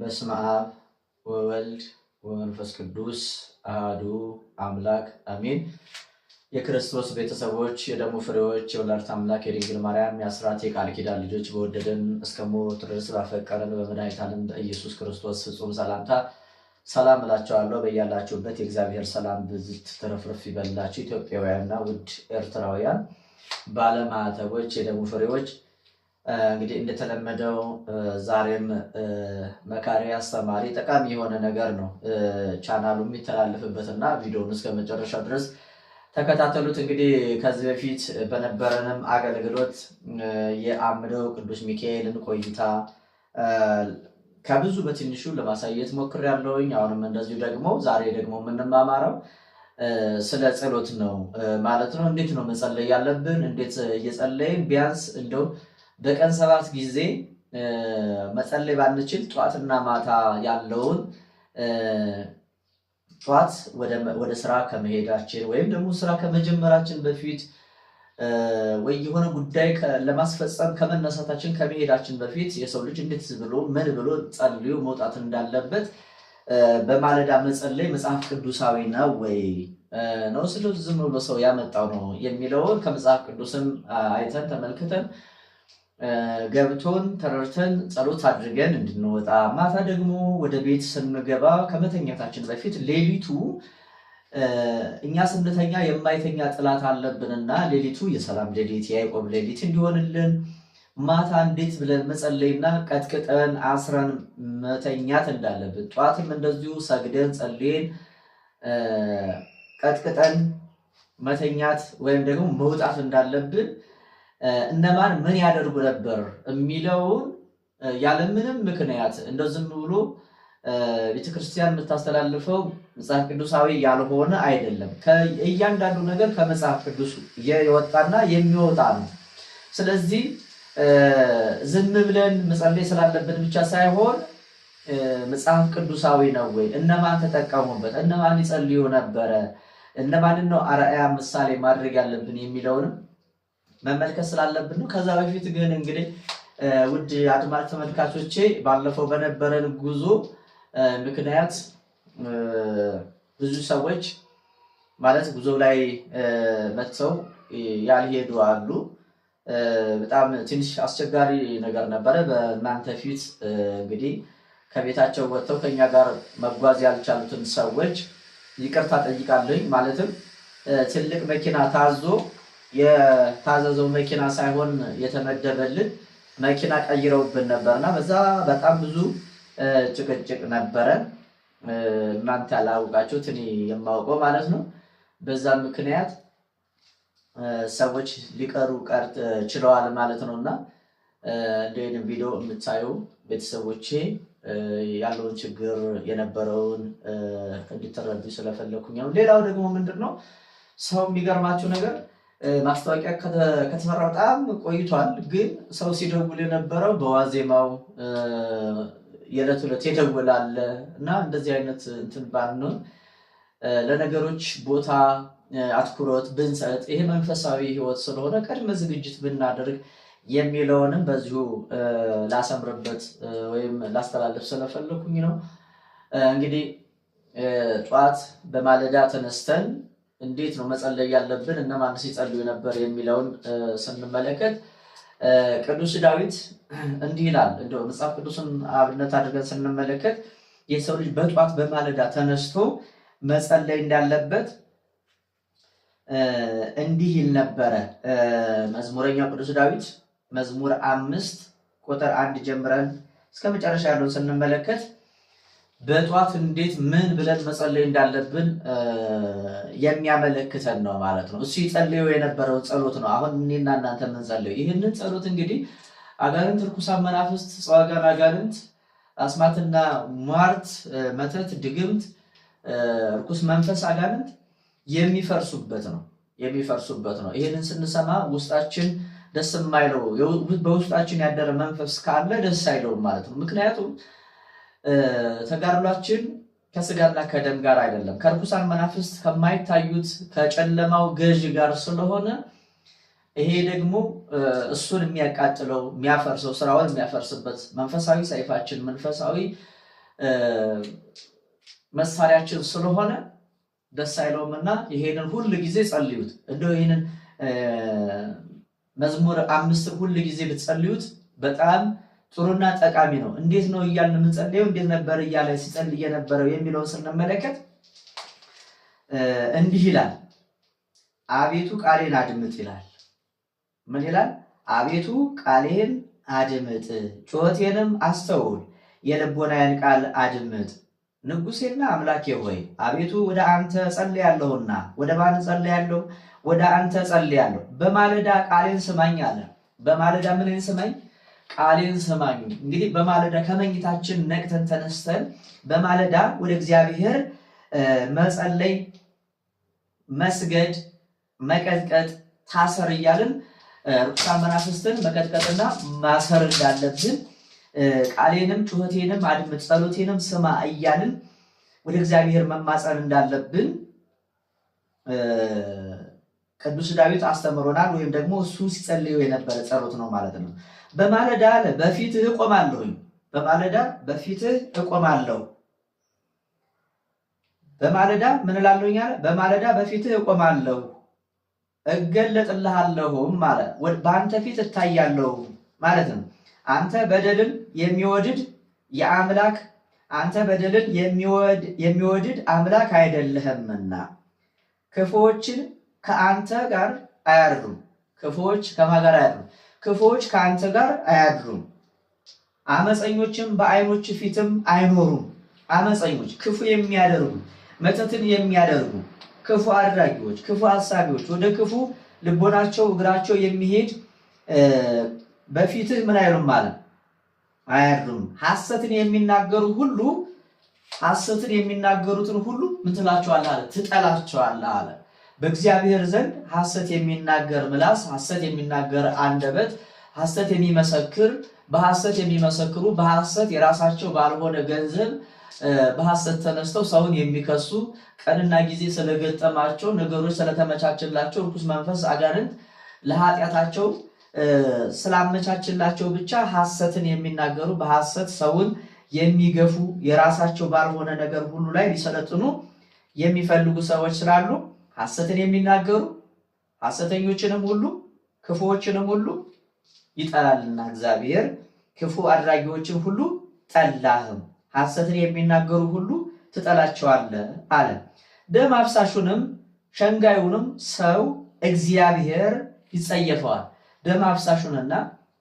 በስመ አብ ወወልድ ወመንፈስ ቅዱስ አህዱ አምላክ አሜን። የክርስቶስ ቤተሰቦች፣ የደሙ ፍሬዎች፣ የወላዲተ አምላክ የድንግል ማርያም የአስራት የቃል ኪዳን ልጆች በወደደን እስከ ሞት ድረስ ባፈቀረን በመድኃኒታችን በኢየሱስ ክርስቶስ ፍጹም ሰላምታ ሰላም እላቸዋለሁ። በያላችሁበት የእግዚአብሔር ሰላም ብዝት ትርፍርፍ ይበላችሁ። ኢትዮጵያውያንና ውድ ኤርትራውያን ባለማዕተቦች፣ የደሙ ፍሬዎች እንግዲህ እንደተለመደው ዛሬም መካሪ አስተማሪ ጠቃሚ የሆነ ነገር ነው ቻናሉ የሚተላለፍበት እና ቪዲዮውን እስከ መጨረሻ ድረስ ተከታተሉት። እንግዲህ ከዚህ በፊት በነበረንም አገልግሎት የአምደው ቅዱስ ሚካኤልን ቆይታ ከብዙ በትንሹ ለማሳየት ሞክር ያለውኝ አሁንም እንደዚሁ ደግሞ ዛሬ ደግሞ የምንማማረው ስለ ጸሎት ነው ማለት ነው። እንዴት ነው መጸለይ ያለብን? እንዴት እየጸለይን ቢያንስ እንደው በቀን ሰባት ጊዜ መጸለይ ባንችል ጠዋትና ማታ ያለውን ጠዋት ወደ ስራ ከመሄዳችን ወይም ደግሞ ስራ ከመጀመራችን በፊት ወይ የሆነ ጉዳይ ለማስፈጸም ከመነሳታችን ከመሄዳችን በፊት የሰው ልጅ እንዴት ብሎ ምን ብሎ ጸልዩ መውጣት እንዳለበት በማለዳ መጸለይ መጽሐፍ ቅዱሳዊ ነው ወይ ነው ስለ ዝም ብሎ ሰው ያመጣው ነው የሚለውን ከመጽሐፍ ቅዱስም አይተን ተመልክተን ገብቶን ተረርተን ጸሎት አድርገን እንድንወጣ፣ ማታ ደግሞ ወደ ቤት ስንገባ ከመተኛታችን በፊት ሌሊቱ እኛ ስንተኛ የማይተኛ ጥላት አለብንና ሌሊቱ የሰላም ሌሊት የያዕቆብ ሌሊት እንዲሆንልን ማታ እንዴት ብለን መጸለይና ቀጥቅጠን አስረን መተኛት እንዳለብን፣ ጠዋትም እንደዚሁ ሰግደን ጸልየን ቀጥቅጠን መተኛት ወይም ደግሞ መውጣት እንዳለብን እነማን ምን ያደርጉ ነበር የሚለውን ያለምንም ምክንያት እንደ ዝም ብሎ ቤተክርስቲያን የምታስተላልፈው መጽሐፍ ቅዱሳዊ ያልሆነ አይደለም። እያንዳንዱ ነገር ከመጽሐፍ ቅዱሱ የወጣና የሚወጣ ነው። ስለዚህ ዝም ብለን መጸለይ ስላለብን ብቻ ሳይሆን መጽሐፍ ቅዱሳዊ ነው ወይ? እነማን ተጠቀሙበት? እነማን ይጸልዩ ነበረ? እነማንን ነው አርአያ ምሳሌ ማድረግ ያለብን የሚለውንም መመልከት ስላለብን ነው። ከዛ በፊት ግን እንግዲህ ውድ አድማጭ ተመልካቾቼ ባለፈው በነበረን ጉዞ ምክንያት ብዙ ሰዎች ማለት ጉዞ ላይ መጥተው ያልሄዱ አሉ። በጣም ትንሽ አስቸጋሪ ነገር ነበረ። በእናንተ ፊት እንግዲህ ከቤታቸው ወጥተው ከኛ ጋር መጓዝ ያልቻሉትን ሰዎች ይቅርታ ጠይቃለኝ። ማለትም ትልቅ መኪና ታዞ የታዘዘው መኪና ሳይሆን የተመደበልን መኪና ቀይረውብን ነበር እና በዛ በጣም ብዙ ጭቅጭቅ ነበረ። እናንተ ያላወቃችሁት እኔ የማውቀው ማለት ነው። በዛ ምክንያት ሰዎች ሊቀሩ ቀርጥ ችለዋል ማለት ነው እና እንዲህን ቪዲዮ የምታዩ ቤተሰቦቼ ያለውን ችግር የነበረውን እንድትረዱ ስለፈለኩኝ ነው። ሌላው ደግሞ ምንድን ነው ሰው የሚገርማችሁ ነገር ማስታወቂያ ከተሰራ በጣም ቆይቷል። ግን ሰው ሲደውል የነበረው በዋዜማው የዕለት ዕለት የደወለ አለ እና እንደዚህ አይነት እንትን ባንኖር ለነገሮች ቦታ አትኩሮት ብንሰጥ ይሄ መንፈሳዊ ህይወት ስለሆነ ቅድመ ዝግጅት ብናደርግ የሚለውንም በዚሁ ላሰምርበት ወይም ላስተላለፍ ስለፈለኩኝ ነው። እንግዲህ ጠዋት በማለዳ ተነስተን እንዴት ነው መጸለይ ያለብን፣ እነማን ሲጸልዩ ነበር የሚለውን ስንመለከት ቅዱስ ዳዊት እንዲህ ይላል። እንደ መጽሐፍ ቅዱስን አብነት አድርገን ስንመለከት የሰው ልጅ በጠዋት በማለዳ ተነስቶ መጸለይ እንዳለበት እንዲህ ይል ነበረ። መዝሙረኛ ቅዱስ ዳዊት መዝሙር አምስት ቁጥር አንድ ጀምረን እስከ መጨረሻ ያለውን ስንመለከት በጧት እንዴት ምን ብለን መጸለይ እንዳለብን የሚያመለክተን ነው ማለት ነው። እሱ ይጸልየው የነበረው ጸሎት ነው። አሁን እኔና እናንተ የምንጸልየው ይህንን ጸሎት እንግዲህ አጋንንት፣ ርኩሳን መናፍስት፣ ጸዋጋን አጋንንት፣ አስማትና ሟርት፣ መተት፣ ድግምት፣ ርኩስ መንፈስ አጋንንት የሚፈርሱበት ነው የሚፈርሱበት ነው። ይህንን ስንሰማ ውስጣችን ደስ የማይለው በውስጣችን ያደረ መንፈስ ካለ ደስ አይለውም ማለት ነው። ምክንያቱም ተጋድሏችን ከስጋና ከደም ጋር አይደለም፣ ከርኩሳን መናፍስት ከማይታዩት ከጨለማው ገዥ ጋር ስለሆነ ይሄ ደግሞ እሱን የሚያቃጥለው የሚያፈርሰው ስራውን የሚያፈርስበት መንፈሳዊ ሰይፋችን መንፈሳዊ መሳሪያችን ስለሆነ ደስ አይለውም እና ይሄንን ሁል ጊዜ ጸልዩት። እንደ ይህንን መዝሙር አምስትን ሁል ጊዜ ብትጸልዩት በጣም ጥሩና ጠቃሚ ነው። እንዴት ነው እያልን የምንጸልየው? እንዴት ነበር እያለ ሲጸልይ የነበረው የሚለውን ስንመለከት እንዲህ ይላል፣ አቤቱ ቃሌን አድምጥ ይላል። ምን ይላል? አቤቱ ቃሌን አድምጥ፣ ጩኸቴንም አስተውል፣ የልቦናዬን ቃል አድምጥ። ንጉሴና አምላኬ ሆይ አቤቱ ወደ አንተ ጸልያለሁና። ወደ ማን ጸልያለሁ? ወደ አንተ ጸልያለሁ። በማለዳ ቃሌን ስማኝ አለ። በማለዳ ምንን ስማኝ ቃሌን ስማኝ። እንግዲህ በማለዳ ከመኝታችን ነቅተን ተነስተን በማለዳ ወደ እግዚአብሔር መጸለይ፣ መስገድ፣ መቀጥቀጥ፣ ታሰር እያልን ርኩሳን መናፍስትን መቀጥቀጥና ማሰር እንዳለብን ቃሌንም ጩኸቴንም አድምጥ፣ ጸሎቴንም ስማ እያልን ወደ እግዚአብሔር መማፀን እንዳለብን ቅዱስ ዳዊት አስተምሮናል። ወይም ደግሞ እሱ ሲጸልዩ የነበረ ጸሎት ነው ማለት ነው። በማለዳ አለ በፊትህ እቆማለሁኝ። በማለዳ በፊትህ እቆማለሁ። በማለዳ ምን እላለሁኝ አለ። በማለዳ በፊትህ እቆማለሁ እገለጥልሃለሁም ማለት በአንተ ፊት እታያለሁ ማለት ነው። አንተ በደልን የሚወድድ የአምላክ አንተ በደልን የሚወድድ አምላክ አይደለህምና ክፉዎችን ከአንተ ጋር አያርዱም። ክፉዎች ከማ ጋር አያርዱም ክፉዎች ከአንተ ጋር አያድሩም፣ አመፀኞችም በአይኖች ፊትም አይኖሩም። አመፀኞች፣ ክፉ የሚያደርጉ መተትን የሚያደርጉ ክፉ አድራጊዎች፣ ክፉ አሳቢዎች፣ ወደ ክፉ ልቦናቸው እግራቸው የሚሄድ በፊትህ ምን አይሉም ማለት አያድሩም። ሐሰትን የሚናገሩ ሁሉ ሐሰትን የሚናገሩትን ሁሉ ምን ትላቸዋለህ አለ ትጠላቸዋለህ አለ በእግዚአብሔር ዘንድ ሐሰት የሚናገር ምላስ፣ ሐሰት የሚናገር አንደበት፣ ሐሰት የሚመሰክር በሐሰት የሚመሰክሩ በሐሰት የራሳቸው ባልሆነ ገንዘብ በሐሰት ተነስተው ሰውን የሚከሱ ቀንና ጊዜ ስለገጠማቸው ነገሮች ስለተመቻችላቸው እርኩስ መንፈስ አጋንንት ለኃጢአታቸው ስላመቻችላቸው ብቻ ሐሰትን የሚናገሩ በሐሰት ሰውን የሚገፉ የራሳቸው ባልሆነ ነገር ሁሉ ላይ ሊሰለጥኑ የሚፈልጉ ሰዎች ስላሉ ሐሰትን የሚናገሩ ሐሰተኞችንም ሁሉ ክፉዎችንም ሁሉ ይጠላልና እግዚአብሔር ክፉ አድራጊዎችን ሁሉ ጠላህም፣ ሐሰትን የሚናገሩ ሁሉ ትጠላቸዋለህ አለ። ደም አፍሳሹንም ሸንጋዩንም ሰው እግዚአብሔር ይጸየፈዋል። ደም አፍሳሹንና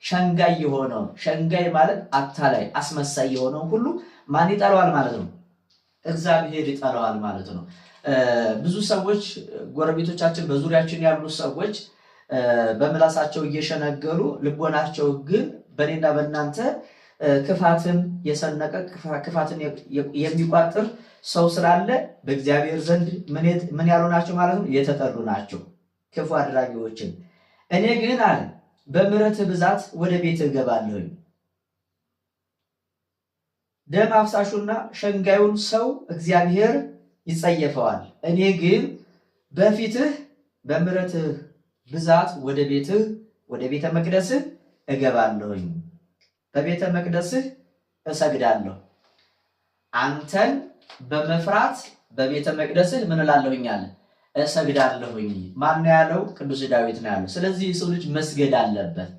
ሸንጋይ የሆነው ሸንጋይ ማለት አታላይ አስመሳይ የሆነው ሁሉ ማን ይጠለዋል ማለት ነው? እግዚአብሔር ይጠለዋል ማለት ነው። ብዙ ሰዎች ጎረቤቶቻችን፣ በዙሪያችን ያሉ ሰዎች በምላሳቸው እየሸነገሉ ልቦናቸው ግን በእኔና በእናንተ ክፋትን የሰነቀ ክፋትን የሚቋጥር ሰው ስላለ በእግዚአብሔር ዘንድ ምን ያሉ ናቸው ማለት ነው? የተጠሉ ናቸው ክፉ አድራጊዎችን። እኔ ግን አለ በምሕረትህ ብዛት ወደ ቤት እገባለሁኝ። ደም አፍሳሹና ሸንጋዩን ሰው እግዚአብሔር ይጸየፈዋል። እኔ ግን በፊትህ በምረትህ ብዛት ወደ ቤትህ ወደ ቤተ መቅደስህ እገባለሁኝ፣ በቤተ መቅደስህ እሰግዳለሁ። አንተን በመፍራት በቤተ መቅደስህ ምን እላለሁኝ አለ እሰግዳለሁኝ። ማነው ያለው? ቅዱስ ዳዊት ነው ያለው። ስለዚህ የሰው ልጅ መስገድ አለበት።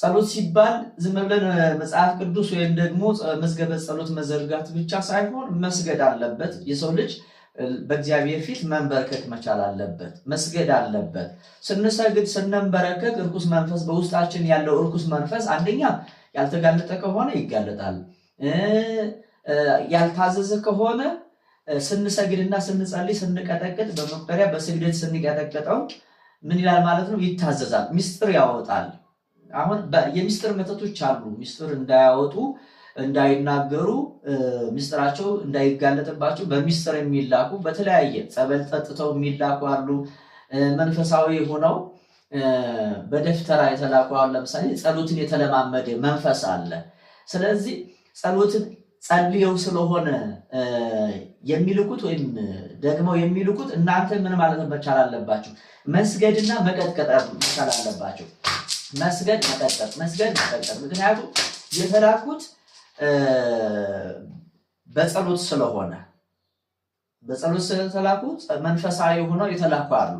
ጸሎት ሲባል ዝም ብለን መጽሐፍ ቅዱስ ወይም ደግሞ መዝገበ ጸሎት መዘርጋት ብቻ ሳይሆን መስገድ አለበት። የሰው ልጅ በእግዚአብሔር ፊት መንበርከክ መቻል አለበት፣ መስገድ አለበት። ስንሰግድ ስንንበረከክ እርኩስ መንፈስ በውስጣችን ያለው እርኩስ መንፈስ አንደኛ ያልተጋለጠ ከሆነ ይጋለጣል። ያልታዘዘ ከሆነ ስንሰግድና ስንጸልይ ስንቀጠቅጥ፣ በመቁጠሪያ በስግደት ስንቀጠቅጠው ምን ይላል ማለት ነው? ይታዘዛል፣ ሚስጥር ያወጣል። አሁን የሚስጥር መተቶች አሉ። ሚስጥር እንዳያወጡ እንዳይናገሩ ሚስጥራቸው እንዳይጋለጥባቸው በሚስጥር የሚላኩ በተለያየ ጸበል ጠጥተው የሚላኩ አሉ። መንፈሳዊ ሆነው በደፍተራ የተላኩ አሉ። ለምሳሌ ጸሎትን የተለማመደ መንፈስ አለ። ስለዚህ ጸሎትን ጸልየው ስለሆነ የሚልኩት ወይም ደግሞ የሚልኩት እናንተ ምን ማለት መቻል አለባችሁ? መስገድና መቀጥቀጥ መቻል አለባቸው። መስገድ መቀጠል መስገድ መቀጠል። ምክንያቱም የተላኩት በጸሎት ስለሆነ በጸሎት ስለተላኩ መንፈሳዊ ሆነው የተላኩ አሉ።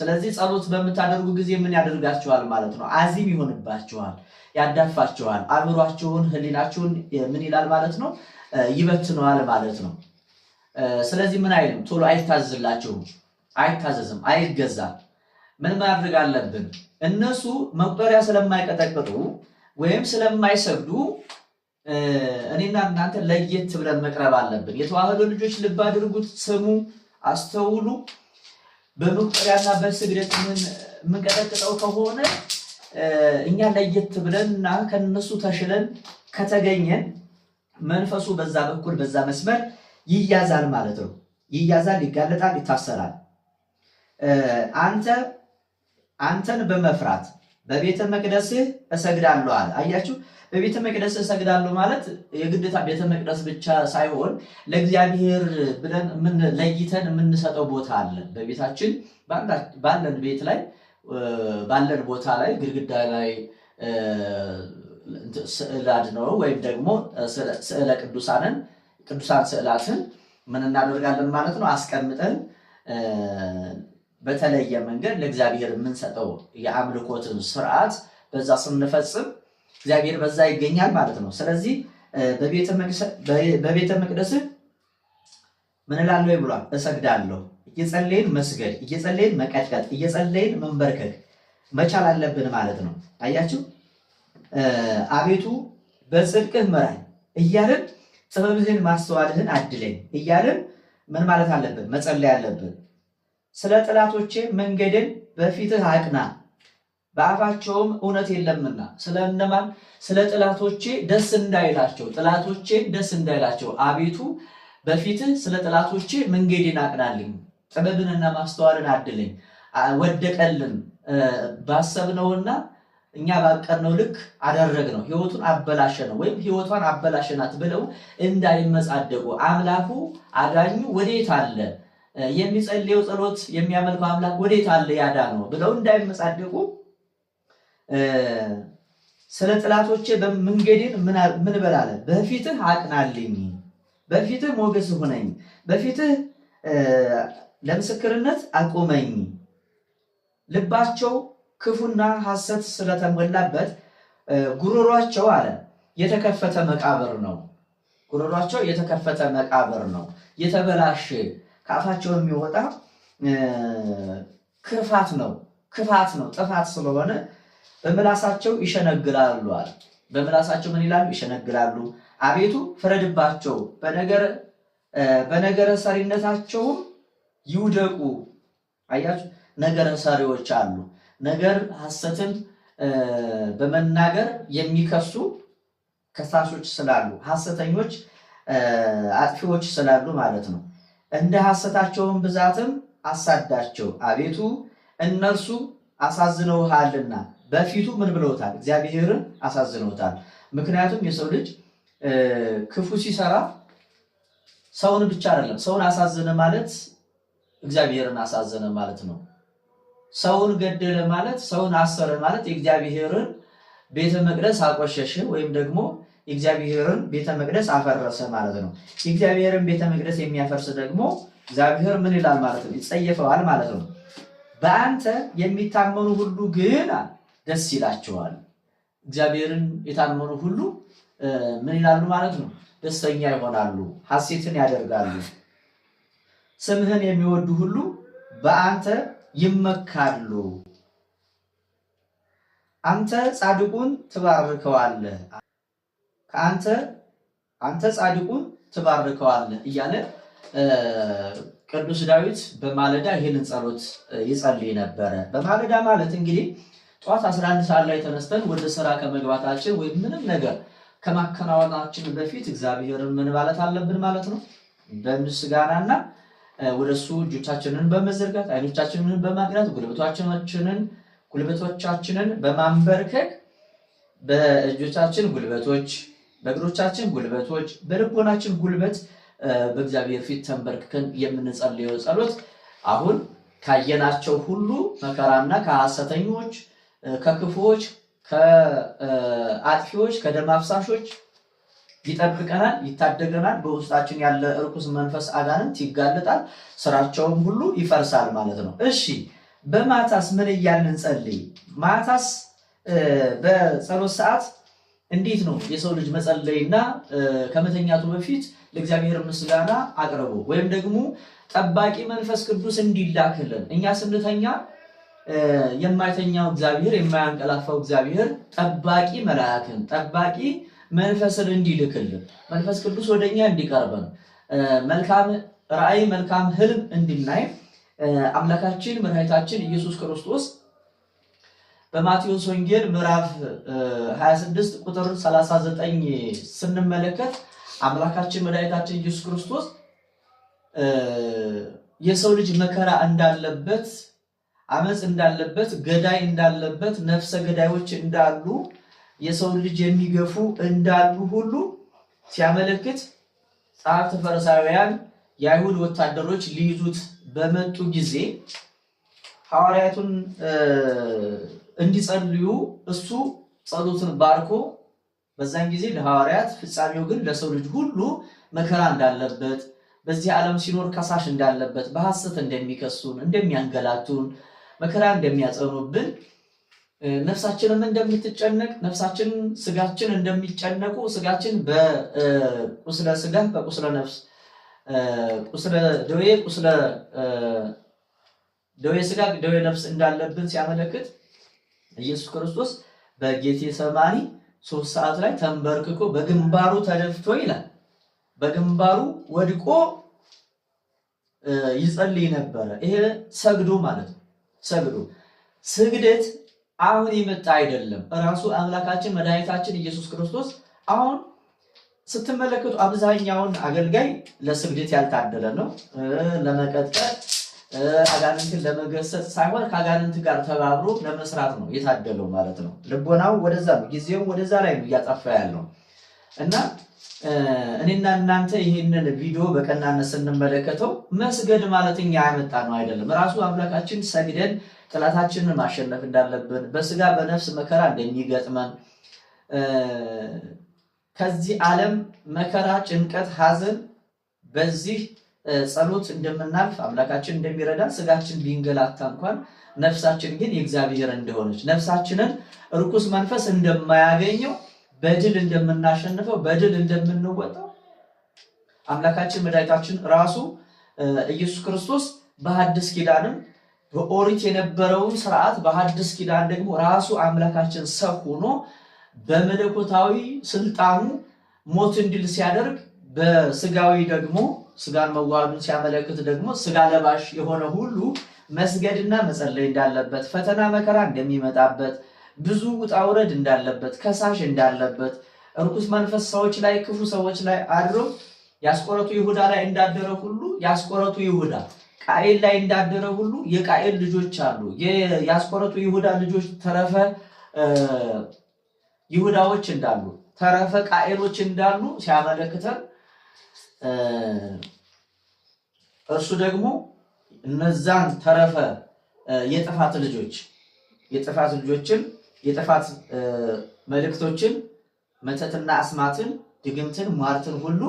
ስለዚህ ጸሎት በምታደርጉ ጊዜ ምን ያደርጋችኋል ማለት ነው? አዚም ይሆንባችኋል፣ ያዳፋችኋል። አእምሯችሁን፣ ህሊናችሁን ምን ይላል ማለት ነው? ይበትነዋል ማለት ነው። ስለዚህ ምን አይልም፣ ቶሎ አይታዝላችሁም፣ አይታዘዝም፣ አይገዛም። ምን ማድረግ አለብን? እነሱ መቁጠሪያ ስለማይቀጠቅጡ ወይም ስለማይሰግዱ እኔና እናንተ ለየት ብለን መቅረብ አለብን። የተዋህዶ ልጆች ልብ አድርጉት፣ ስሙ፣ አስተውሉ። በመቁጠሪያና በስግደት የምንቀጠቅጠው ከሆነ እኛ ለየት ብለን እና ከነሱ ተሽለን ከተገኘን መንፈሱ በዛ በኩል በዛ መስመር ይያዛል ማለት ነው። ይያዛል፣ ይጋለጣል፣ ይታሰራል። አንተ አንተን በመፍራት በቤተ መቅደስህ እሰግዳለሁ አለ። አያችሁ፣ በቤተ መቅደስህ እሰግዳለሁ ማለት የግዴታ ቤተ መቅደስ ብቻ ሳይሆን ለእግዚአብሔር ብለን ምን ለይተን የምንሰጠው ቦታ አለ። በቤታችን ባለን ቤት ላይ ባለን ቦታ ላይ ግድግዳ ላይ ስዕላድ ነው ወይም ደግሞ ስዕለ ቅዱሳንን ቅዱሳን ስዕላትን ምን እናደርጋለን ማለት ነው አስቀምጠን በተለየ መንገድ ለእግዚአብሔር የምንሰጠው የአምልኮትን ስርዓት በዛ ስንፈጽም እግዚአብሔር በዛ ይገኛል ማለት ነው። ስለዚህ በቤተ መቅደስ ምን እላለሁ ብሏል? እሰግዳለሁ። እየጸለይን መስገድ፣ እየጸለይን መቀጥቀጥ፣ እየጸለይን መንበርከክ መቻል አለብን ማለት ነው። አያችሁ፣ አቤቱ በጽድቅህ ምራኝ እያልን ጥበብህን ማስተዋልህን አድለኝ እያልን ምን ማለት አለብን? መጸለይ አለብን። ስለ ጠላቶቼ መንገድን በፊትህ አቅና፣ በአፋቸውም እውነት የለምና። ስለ እነማን? ስለ ጠላቶቼ ደስ እንዳይላቸው፣ ጠላቶቼን ደስ እንዳይላቸው። አቤቱ በፊትህ ስለ ጠላቶቼ መንገድን አቅናልኝ፣ ጥበብንና ማስተዋልን አድልኝ። ወደቀልን ባሰብነውና እኛ ባቀድነው ልክ አደረግ ነው ህይወቱን ነው ወይም ህይወቷን አበላሸናት ብለው እንዳይመጻደቁ አምላኩ አዳኙ ወዴት አለ የሚጸልየው ጸሎት የሚያመልከው አምላክ ወዴት አለ ያዳ ነው ብለው እንዳይመጻደቁ ስለ ጥላቶቼ በመንገዴን ምን በላለ በፊትህ አቅናልኝ፣ በፊትህ ሞገስ ሁነኝ፣ በፊትህ ለምስክርነት አቁመኝ። ልባቸው ክፉና ሐሰት ስለተሞላበት ጉሮሯቸው አለ የተከፈተ መቃብር ነው። ጉሮሯቸው የተከፈተ መቃብር ነው የተበላሸ ከአፋቸው የሚወጣ ክፋት ነው ክፋት ነው ጥፋት ስለሆነ በምላሳቸው ይሸነግላሉ አለ። በምላሳቸው ምን ይላሉ? ይሸነግላሉ። አቤቱ ፍረድባቸው፣ በነገረ ሰሪነታቸውም ይውደቁ። አያችሁ፣ ነገረ ሰሪዎች አሉ። ነገር ሐሰትን በመናገር የሚከሱ ከሳሾች ስላሉ ሐሰተኞች አጥፊዎች ስላሉ ማለት ነው። እንደ ሐሰታቸውን ብዛትም አሳዳቸው። አቤቱ እነርሱ አሳዝነውሃልና በፊቱ ምን ብለውታል? እግዚአብሔርን አሳዝነውታል። ምክንያቱም የሰው ልጅ ክፉ ሲሰራ ሰውን ብቻ አይደለም። ሰውን አሳዘነ ማለት እግዚአብሔርን አሳዘነ ማለት ነው። ሰውን ገደለ ማለት፣ ሰውን አሰረ ማለት የእግዚአብሔርን ቤተ መቅደስ አቆሸሸ ወይም ደግሞ የእግዚአብሔርን ቤተ መቅደስ አፈረሰ ማለት ነው። የእግዚአብሔርን ቤተ መቅደስ የሚያፈርስ ደግሞ እግዚአብሔር ምን ይላል ማለት ነው? ይጸየፈዋል ማለት ነው። በአንተ የሚታመኑ ሁሉ ግን ደስ ይላቸዋል። እግዚአብሔርን የታመኑ ሁሉ ምን ይላሉ ማለት ነው? ደስተኛ ይሆናሉ፣ ሐሴትን ያደርጋሉ። ስምህን የሚወዱ ሁሉ በአንተ ይመካሉ። አንተ ጻድቁን ትባርከዋለህ። ከአንተ አንተ ጻድቁን ትባርከዋለህ እያለ ቅዱስ ዳዊት በማለዳ ይህንን ጸሎት ይጸልይ ነበረ። በማለዳ ማለት እንግዲህ ጠዋት 11 ሰዓት ላይ ተነስተን ወደ ስራ ከመግባታችን ወይም ምንም ነገር ከማከናወናችን በፊት እግዚአብሔርን ምን ማለት አለብን ማለት ነው። በምስጋናና ወደ እሱ እጆቻችንን በመዘርጋት አይኖቻችንን በማቅናት ጉልበቶቻችንን ጉልበቶቻችንን በማንበርከክ በእጆቻችን ጉልበቶች በእግሮቻችን ጉልበቶች በልቦናችን ጉልበት በእግዚአብሔር ፊት ተንበርክከን የምንጸልየው ጸሎት አሁን ካየናቸው ሁሉ መከራና ከሐሰተኞች፣ ከክፉዎች፣ ከአጥፊዎች፣ ከደም አፍሳሾች ይጠብቀናል፣ ይታደገናል። በውስጣችን ያለ እርኩስ መንፈስ አጋንንት ይጋለጣል፣ ስራቸውም ሁሉ ይፈርሳል ማለት ነው። እሺ በማታስ ምን እያልን እንጸልይ? ማታስ በጸሎት ሰዓት እንዴት ነው የሰው ልጅ መጸለይና ከመተኛቱ በፊት ለእግዚአብሔር ምስጋና አቅርቦ ወይም ደግሞ ጠባቂ መንፈስ ቅዱስ እንዲላክልን እኛ ስንተኛ የማይተኛው እግዚአብሔር የማያንቀላፋው እግዚአብሔር ጠባቂ መላእክን ጠባቂ መንፈስን እንዲልክልን መንፈስ ቅዱስ ወደ እኛ እንዲቀርበን መልካም ራእይ መልካም ህልም እንድናይ አምላካችን መድኃኒታችን ኢየሱስ ክርስቶስ በማቴዎስ ወንጌል ምዕራፍ 26 ቁጥር 39 ስንመለከት አምላካችን መድኃኒታችን ኢየሱስ ክርስቶስ የሰው ልጅ መከራ እንዳለበት፣ አመፅ እንዳለበት፣ ገዳይ እንዳለበት፣ ነፍሰ ገዳዮች እንዳሉ፣ የሰው ልጅ የሚገፉ እንዳሉ ሁሉ ሲያመለክት ጸሐፍት ፈሪሳውያን የአይሁድ ወታደሮች ሊይዙት በመጡ ጊዜ ሐዋርያቱን እንዲጸልዩ እሱ ጸሎትን ባርኮ በዛን ጊዜ ለሐዋርያት ፍጻሜው ግን ለሰው ልጅ ሁሉ መከራ እንዳለበት በዚህ ዓለም ሲኖር ከሳሽ እንዳለበት በሐሰት እንደሚከሱን፣ እንደሚያንገላቱን፣ መከራ እንደሚያጸኑብን፣ ነፍሳችንም እንደምትጨነቅ ነፍሳችን ስጋችን እንደሚጨነቁ ስጋችን በቁስለ ስጋ በቁስለ ነፍስ ቁስለ ደዌ ቁስለ ደዌ ስጋ ደዌ ነፍስ እንዳለብን ሲያመለክት ኢየሱስ ክርስቶስ በጌቴ ሰማኒ ሶስት ሰዓት ላይ ተንበርክኮ በግንባሩ ተደፍቶ ይላል በግንባሩ ወድቆ ይጸልይ ነበረ። ይሄ ሰግዶ ማለት ነው። ሰግዶ ስግደት አሁን የመጣ አይደለም። ራሱ አምላካችን መድኃኒታችን ኢየሱስ ክርስቶስ አሁን ስትመለከቱ አብዛኛውን አገልጋይ ለስግደት ያልታደለ ነው ለመቀጠል። አጋንንትን ለመገሰጽ ሳይሆን ከአጋንንት ጋር ተባብሮ ለመስራት ነው የታደለው ማለት ነው። ልቦናው ወደዛ ነው፣ ጊዜውም ወደዛ ላይ ነው እያጠፋ ያለው እና እኔና እናንተ ይህንን ቪዲዮ በቀናነት ስንመለከተው መስገድ ማለት እኛ ያመጣ ነው አይደለም። ራሱ አምላካችን ሰግደን ጥላታችንን ማሸነፍ እንዳለብን በስጋ በነፍስ መከራ እንደሚገጥመን ከዚህ ዓለም መከራ፣ ጭንቀት፣ ሐዘን በዚህ ጸሎት እንደምናልፍ አምላካችን እንደሚረዳ ስጋችን ቢንገላታ እንኳን ነፍሳችን ግን የእግዚአብሔር እንደሆነች ነፍሳችንን ርኩስ መንፈስ እንደማያገኘው በድል እንደምናሸንፈው በድል እንደምንወጣው አምላካችን መድኃኒታችን ራሱ ኢየሱስ ክርስቶስ በሐዲስ ኪዳንም በኦሪት የነበረውን ስርዓት በሐዲስ ኪዳን ደግሞ ራሱ አምላካችን ሰው ሆኖ በመለኮታዊ ስልጣኑ ሞት እንድል ሲያደርግ በስጋዊ ደግሞ ስጋን መዋዱን ሲያመለክት ደግሞ ስጋ ለባሽ የሆነ ሁሉ መስገድና መጸለይ እንዳለበት፣ ፈተና መከራ እንደሚመጣበት፣ ብዙ ውጣ ውረድ እንዳለበት፣ ከሳሽ እንዳለበት፣ እርኩስ መንፈስ ሰዎች ላይ ክፉ ሰዎች ላይ አድሮ የአስቆረቱ ይሁዳ ላይ እንዳደረ ሁሉ የአስቆረቱ ይሁዳ ቃኤል ላይ እንዳደረ ሁሉ የቃኤል ልጆች አሉ። የአስቆረቱ ይሁዳ ልጆች ተረፈ ይሁዳዎች እንዳሉ ተረፈ ቃኤሎች እንዳሉ ሲያመለክተን እርሱ ደግሞ እነዛን ተረፈ የጥፋት ልጆች የጥፋት ልጆችን የጥፋት መልእክቶችን መተትና አስማትን ድግምትን ሟርትን ሁሉ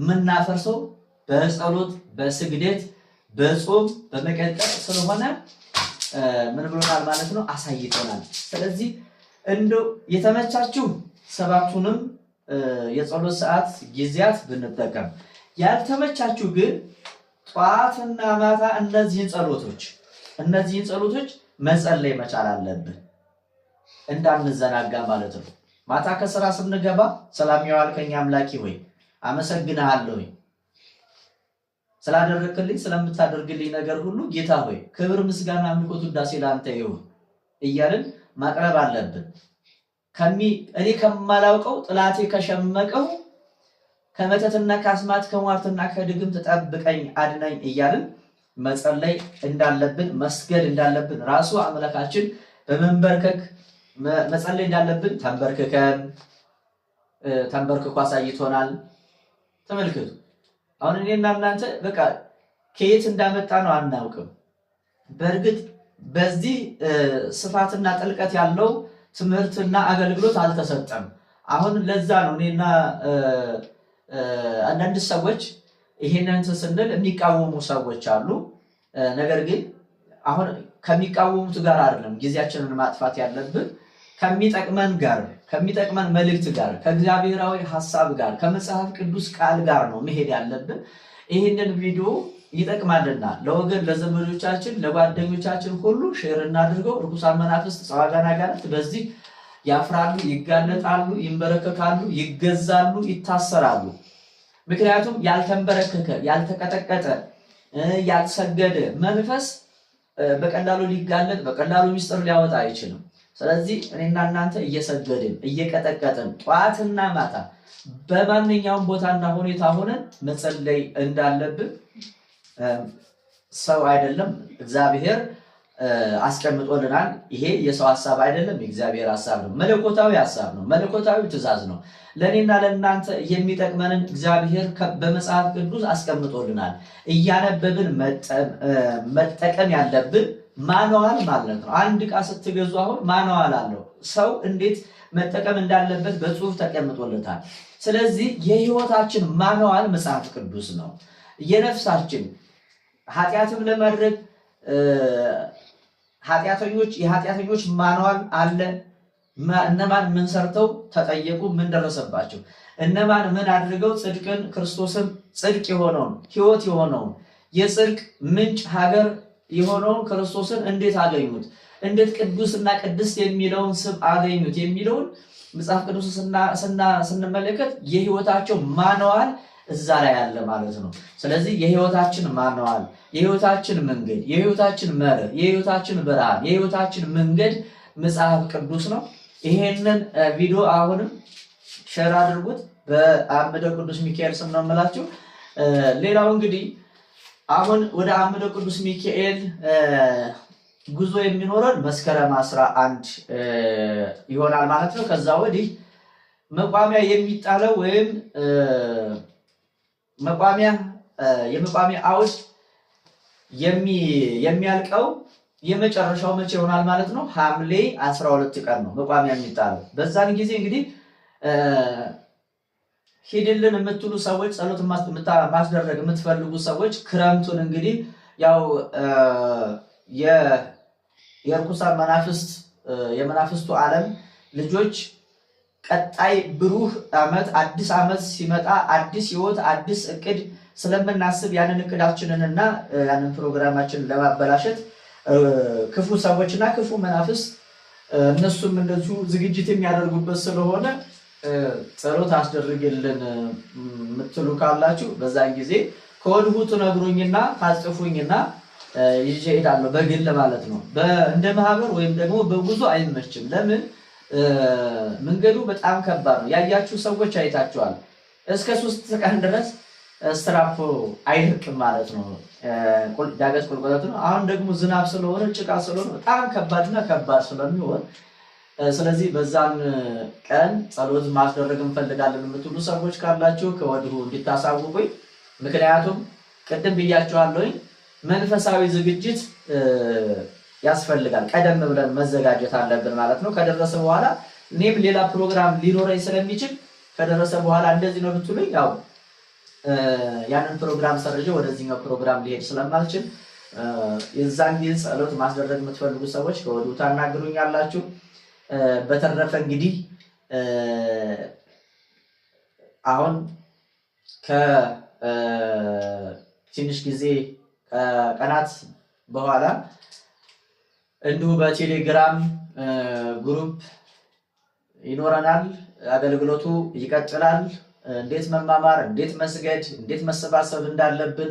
የምናፈርሰው በጸሎት በስግደት በጾም በመቀጠል ስለሆነ ምን ብሎናል ማለት ነው፣ አሳይቶናል። ስለዚህ እንደው የተመቻችሁ ሰባቱንም የጸሎት ሰዓት ጊዜያት ብንጠቀም። ያልተመቻችሁ ግን ጠዋትና ማታ እነዚህን ጸሎቶች እነዚህን ጸሎቶች መጸለይ መቻል አለብን እንዳንዘናጋ ማለት ነው። ማታ ከስራ ስንገባ ሰላም የዋልከኝ አምላኬ ሆይ አመሰግንሃለሁኝ ስላደረክልኝ ስለምታደርግልኝ ነገር ሁሉ ጌታ ሆይ ክብር፣ ምስጋና፣ አምልኮ፣ ውዳሴ ለአንተ ይሁን እያልን ማቅረብ አለብን። እኔ ከማላውቀው ጥላቴ ከሸመቀው ከመተትና ከአስማት ከሟርትና ከድግም ጠብቀኝ አድናኝ እያልን መጸለይ እንዳለብን መስገድ እንዳለብን ራሱ አምላካችን በመንበርከክ መጸለይ እንዳለብን ተንበርክከን ተንበርክኮ አሳይቶናል። ተመልክቱ። አሁን እኔና እናንተ በቃ ከየት እንዳመጣ ነው አናውቅም። በእርግጥ በዚህ ስፋትና ጥልቀት ያለው ትምህርትና አገልግሎት አልተሰጠም። አሁን ለዛ ነው እኔና አንዳንድ ሰዎች ይሄንን ስንል የሚቃወሙ ሰዎች አሉ። ነገር ግን አሁን ከሚቃወሙት ጋር አይደለም ጊዜያችንን ማጥፋት ያለብን ከሚጠቅመን ጋር ከሚጠቅመን መልእክት ጋር ከእግዚአብሔራዊ ሀሳብ ጋር ከመጽሐፍ ቅዱስ ቃል ጋር ነው መሄድ ያለብን። ይህንን ቪዲዮ ይጠቅማልና ለወገን ለዘመዶቻችን ለጓደኞቻችን ሁሉ ሼር እናድርገው። ርኩሳን መናፍስት ጸዋጋና ጋነት በዚህ ያፍራሉ፣ ይጋለጣሉ፣ ይንበረከካሉ፣ ይገዛሉ፣ ይታሰራሉ። ምክንያቱም ያልተንበረከከ፣ ያልተቀጠቀጠ፣ ያልሰገደ መንፈስ በቀላሉ ሊጋለጥ በቀላሉ ሚስጥር ሊያወጣ አይችልም። ስለዚህ እኔና እናንተ እየሰገድን እየቀጠቀጥን ጠዋትና ማታ በማንኛውም ቦታና ሁኔታ ሆነን መጸለይ እንዳለብን ሰው አይደለም፣ እግዚአብሔር አስቀምጦልናል። ይሄ የሰው ሀሳብ አይደለም፣ የእግዚአብሔር ሀሳብ ነው። መለኮታዊ ሀሳብ ነው። መለኮታዊ ትእዛዝ ነው። ለእኔና ለእናንተ የሚጠቅመንን እግዚአብሔር በመጽሐፍ ቅዱስ አስቀምጦልናል። እያነበብን መጠቀም ያለብን ማንዋል ማለት ነው። አንድ ዕቃ ስትገዙ አሁን ማንዋል አለው። ሰው እንዴት መጠቀም እንዳለበት በጽሁፍ ተቀምጦለታል። ስለዚህ የህይወታችን ማንዋል መጽሐፍ ቅዱስ ነው። የነፍሳችን ኃጢአትም ለማድረግ ኃጢአተኞች የኃጢአተኞች ማንዋል አለ። እነማን ምን ሰርተው ተጠየቁ፣ ምን ደረሰባቸው፣ እነማን ምን አድርገው ጽድቅን ክርስቶስን ጽድቅ የሆነውን ህይወት የሆነውን የጽድቅ ምንጭ ሀገር የሆነውን ክርስቶስን እንዴት አገኙት፣ እንዴት ቅዱስና ቅድስት የሚለውን ስም አገኙት የሚለውን መጽሐፍ ቅዱስ ስንመለከት የህይወታቸው ማንዋል እዛ ላይ አለ ማለት ነው። ስለዚህ የህይወታችን ማነዋል፣ የህይወታችን መንገድ፣ የህይወታችን መርህ፣ የህይወታችን ብርሃን፣ የህይወታችን መንገድ መጽሐፍ ቅዱስ ነው። ይሄንን ቪዲዮ አሁንም ሸር አድርጉት። በአምደ ቅዱስ ሚካኤል ስም ነው የምላችሁ። ሌላው እንግዲህ አሁን ወደ አምደ ቅዱስ ሚካኤል ጉዞ የሚኖረን መስከረም አስራ አንድ ይሆናል ማለት ነው። ከዛ ወዲህ መቋሚያ የሚጣለው ወይም መቋሚያ የመቋሚያ አውድ የሚያልቀው የመጨረሻው መቼ ይሆናል ማለት ነው? ሐምሌ 12 ቀን ነው መቋሚያ የሚጣለው። በዛን ጊዜ እንግዲህ ሂድልን የምትሉ ሰዎች ጸሎት ማስደረግ የምትፈልጉ ሰዎች ክረምቱን እንግዲህ ያው የርኩሳን መናፍስት የመናፍስቱ ዓለም ልጆች ቀጣይ ብሩህ ዓመት አዲስ ዓመት ሲመጣ አዲስ ህይወት፣ አዲስ እቅድ ስለምናስብ ያንን እቅዳችንንና ያንን ፕሮግራማችንን ለማበላሸት ክፉ ሰዎችና ክፉ መናፍስ እነሱም እንደዚሁ ዝግጅት የሚያደርጉበት ስለሆነ ጸሎት አስደርግልን የምትሉ ካላችሁ በዛን ጊዜ ከወድሁ ትነግሩኝና ታጽፉኝና ይዤ እሄዳለሁ። በግል ማለት ነው። እንደ ማህበር ወይም ደግሞ በጉዞ አይመችም። ለምን መንገዱ በጣም ከባድ ነው። ያያችሁ ሰዎች አይታችኋል። እስከ ሶስት ቀን ድረስ ስትራፖ አይርቅም ማለት ነው። ዳገት ቁልቁለቱ ነው። አሁን ደግሞ ዝናብ ስለሆነ ጭቃ ስለሆነ በጣም ከባድና ከባድ ስለሚሆን ስለዚህ በዛን ቀን ጸሎት ማስደረግ እንፈልጋለን የምትሉ ሰዎች ካላችሁ ከወዲሁ እንዲታሳውቁኝ። ምክንያቱም ቅድም ብያችኋለሁኝ መንፈሳዊ ዝግጅት ያስፈልጋል። ቀደም ብለን መዘጋጀት አለብን ማለት ነው። ከደረሰ በኋላ እኔም ሌላ ፕሮግራም ሊኖረኝ ስለሚችል ከደረሰ በኋላ እንደዚህ ነው ብትሉኝ ያው ያንን ፕሮግራም ሰርዤ ወደዚህኛው ፕሮግራም ሊሄድ ስለማልችል የዛን ጊዜ ጸሎት ማስደረግ የምትፈልጉ ሰዎች ከወዲሁ ታናግሩኛላችሁ። በተረፈ እንግዲህ አሁን ከትንሽ ጊዜ ቀናት በኋላ እንዲሁ በቴሌግራም ግሩፕ ይኖረናል። አገልግሎቱ ይቀጥላል። እንዴት መማማር፣ እንዴት መስገድ፣ እንዴት መሰባሰብ እንዳለብን፣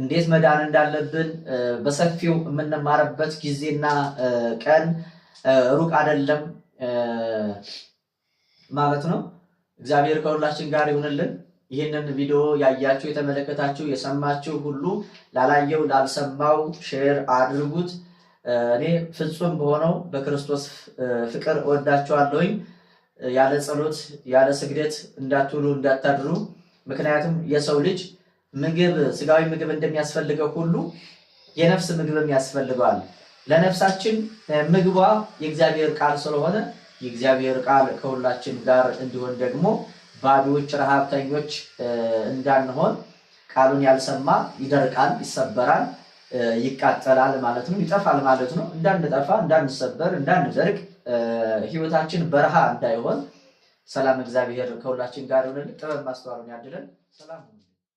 እንዴት መዳን እንዳለብን በሰፊው የምንማርበት ጊዜና ቀን ሩቅ አይደለም ማለት ነው። እግዚአብሔር ከሁላችን ጋር ይሆንልን ይህንን ቪዲዮ ያያችሁ፣ የተመለከታችሁ፣ የሰማችሁ ሁሉ ላላየው፣ ላልሰማው ሼር አድርጉት። እኔ ፍጹም በሆነው በክርስቶስ ፍቅር እወዳቸዋለሁኝ። ያለ ጸሎት ያለ ስግደት እንዳትውሉ እንዳታድሩ። ምክንያቱም የሰው ልጅ ምግብ ስጋዊ ምግብ እንደሚያስፈልገው ሁሉ የነፍስ ምግብም ያስፈልገዋል። ለነፍሳችን ምግቧ የእግዚአብሔር ቃል ስለሆነ የእግዚአብሔር ቃል ከሁላችን ጋር እንዲሆን ደግሞ ባቢዎች ረሃብተኞች እንዳንሆን ቃሉን ያልሰማ ይደርቃል፣ ይሰበራል። ይቃጠላል ማለት ነው፣ ይጠፋል ማለት ነው። እንዳንጠፋ፣ እንዳንሰበር፣ እንዳንደርግ ህይወታችን በረሃ እንዳይሆን ሰላም እግዚአብሔር ከሁላችን ጋር ይሆንልን። ጥበብ ማስተዋሉን ያድለን። ሰላም